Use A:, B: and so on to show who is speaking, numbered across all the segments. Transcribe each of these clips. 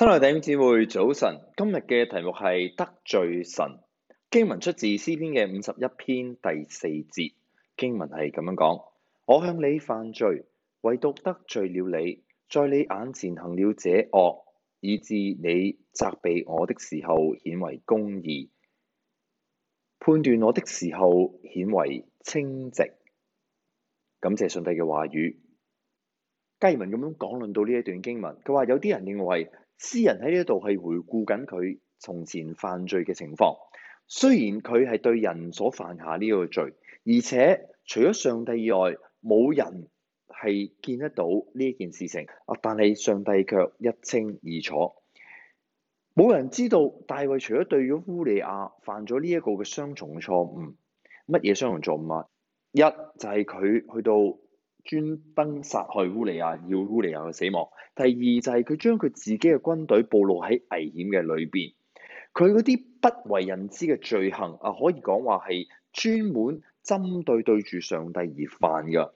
A: 親愛的弟兄姊妹，早晨，今日嘅題目係得罪神。經文出自詩篇嘅五十一篇第四節，經文係咁樣講：我向你犯罪，唯獨得罪了你，在你眼前行了這惡，以致你責備我的時候顯為公義，判斷我的時候顯為清直。感謝上帝嘅話語。佳文咁樣講論到呢一段經文，佢話有啲人認為詩人喺呢一度係回顧緊佢從前犯罪嘅情況，雖然佢係對人所犯下呢個罪，而且除咗上帝以外冇人係見得到呢一件事情，但係上帝卻一清二楚。冇人知道大衛除咗對咗烏利亞犯咗呢一個嘅雙重錯誤，乜嘢雙重錯誤啊？一就係、是、佢去到。專登殺害烏利亞，要烏利亞嘅死亡。第二就係佢將佢自己嘅軍隊暴露喺危險嘅裏邊，佢嗰啲不為人知嘅罪行啊，可以講話係專門針對對住上帝而犯㗎。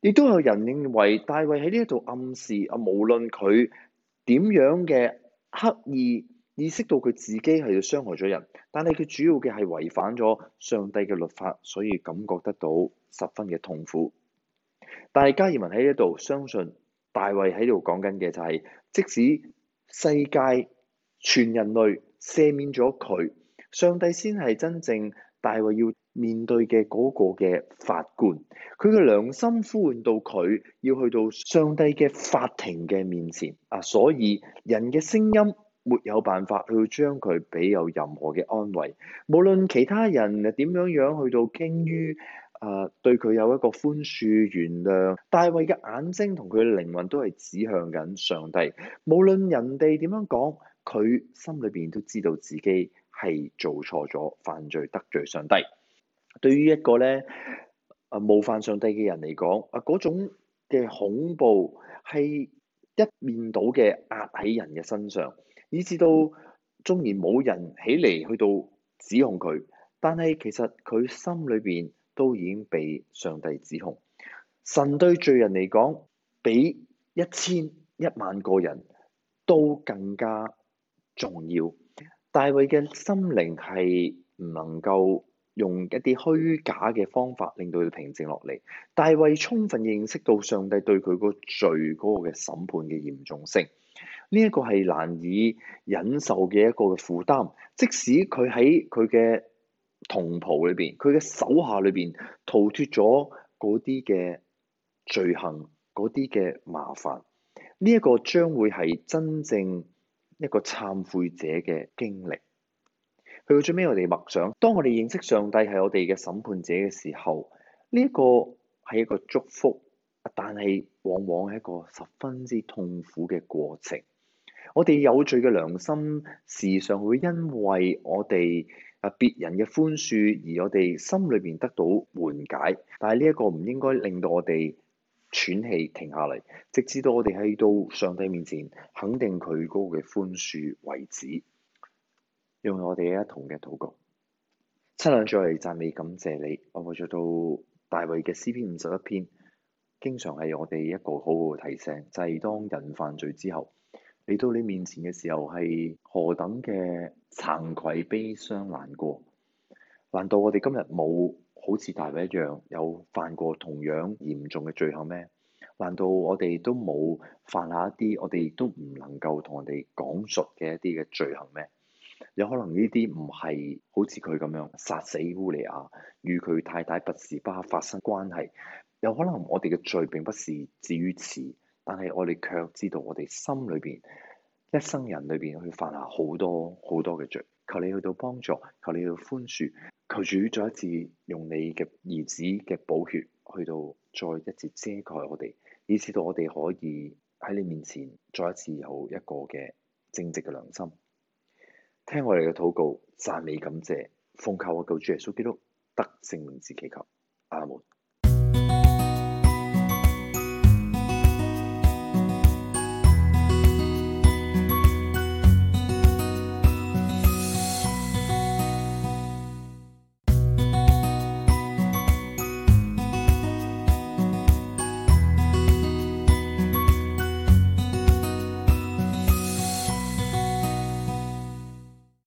A: 亦都有人認為大衛喺呢一度暗示啊，無論佢點樣嘅刻意意識到佢自己係要傷害咗人，但係佢主要嘅係違反咗上帝嘅律法，所以感覺得到十分嘅痛苦。但係加爾文喺呢度相信大衛喺度講緊嘅就係即使世界全人類赦免咗佢，上帝先係真正大衛要面對嘅嗰個嘅法官，佢嘅良心呼喚到佢要去到上帝嘅法庭嘅面前啊！所以人嘅聲音沒有辦法去將佢俾有任何嘅安慰，無論其他人點樣樣去到傾於。啊！對佢有一個寬恕、原諒，大衛嘅眼睛同佢嘅靈魂都係指向緊上帝。無論人哋點樣講，佢心裏邊都知道自己係做錯咗、犯罪得罪上帝。對於一個咧啊冒犯上帝嘅人嚟講，啊嗰種嘅恐怖係一面倒嘅壓喺人嘅身上，以至到縱然冇人起嚟去到指控佢，但係其實佢心裏邊。都已經被上帝指控，神對罪人嚟講，比一千、一萬個人都更加重要。大衛嘅心靈係唔能夠用一啲虛假嘅方法令到佢平靜落嚟。大衛充分認識到上帝對佢個罪嗰個嘅審判嘅嚴重性，呢一個係難以忍受嘅一個嘅負擔，即使佢喺佢嘅。同袍裏邊，佢嘅手下裏邊逃脫咗嗰啲嘅罪行，嗰啲嘅麻煩。呢一個將會係真正一個懺悔者嘅經歷。去到最尾，我哋默想，當我哋認識上帝係我哋嘅審判者嘅時候，呢一個係一個祝福，但係往往係一個十分之痛苦嘅過程。我哋有罪嘅良心時常會因為我哋。啊！別人嘅寬恕而我哋心裏邊得到緩解，但係呢一個唔應該令到我哋喘氣停下嚟，直至到我哋喺到上帝面前肯定佢高嘅寬恕為止。用我哋一同嘅禱告，親愛主，讚美感謝你。我哋再到大衛嘅 C.P. 五十一篇，經常係我哋一個好好嘅提醒，就係、是、當人犯罪之後。嚟到你面前嘅時候係何等嘅慚愧、悲傷、難過？難道我哋今日冇好似大衛一樣，有犯過同樣嚴重嘅罪行咩？難道我哋都冇犯下一啲我哋都唔能夠同人哋講述嘅一啲嘅罪行咩？有可能呢啲唔係好似佢咁樣殺死烏利亞，與佢太太拔士巴發生關係。有可能我哋嘅罪並不是至於此。但係我哋卻知道，我哋心裏面一生人裏面去犯下好多好多嘅罪，求你去到幫助，求你去寬恕，求主再一次用你嘅兒子嘅寶血去到再一次遮蓋我哋，以至到我哋可以喺你面前再一次有一個嘅正直嘅良心。聽我哋嘅禱告，讚美感謝，奉靠我救主耶穌基督得勝名字祈求，阿門。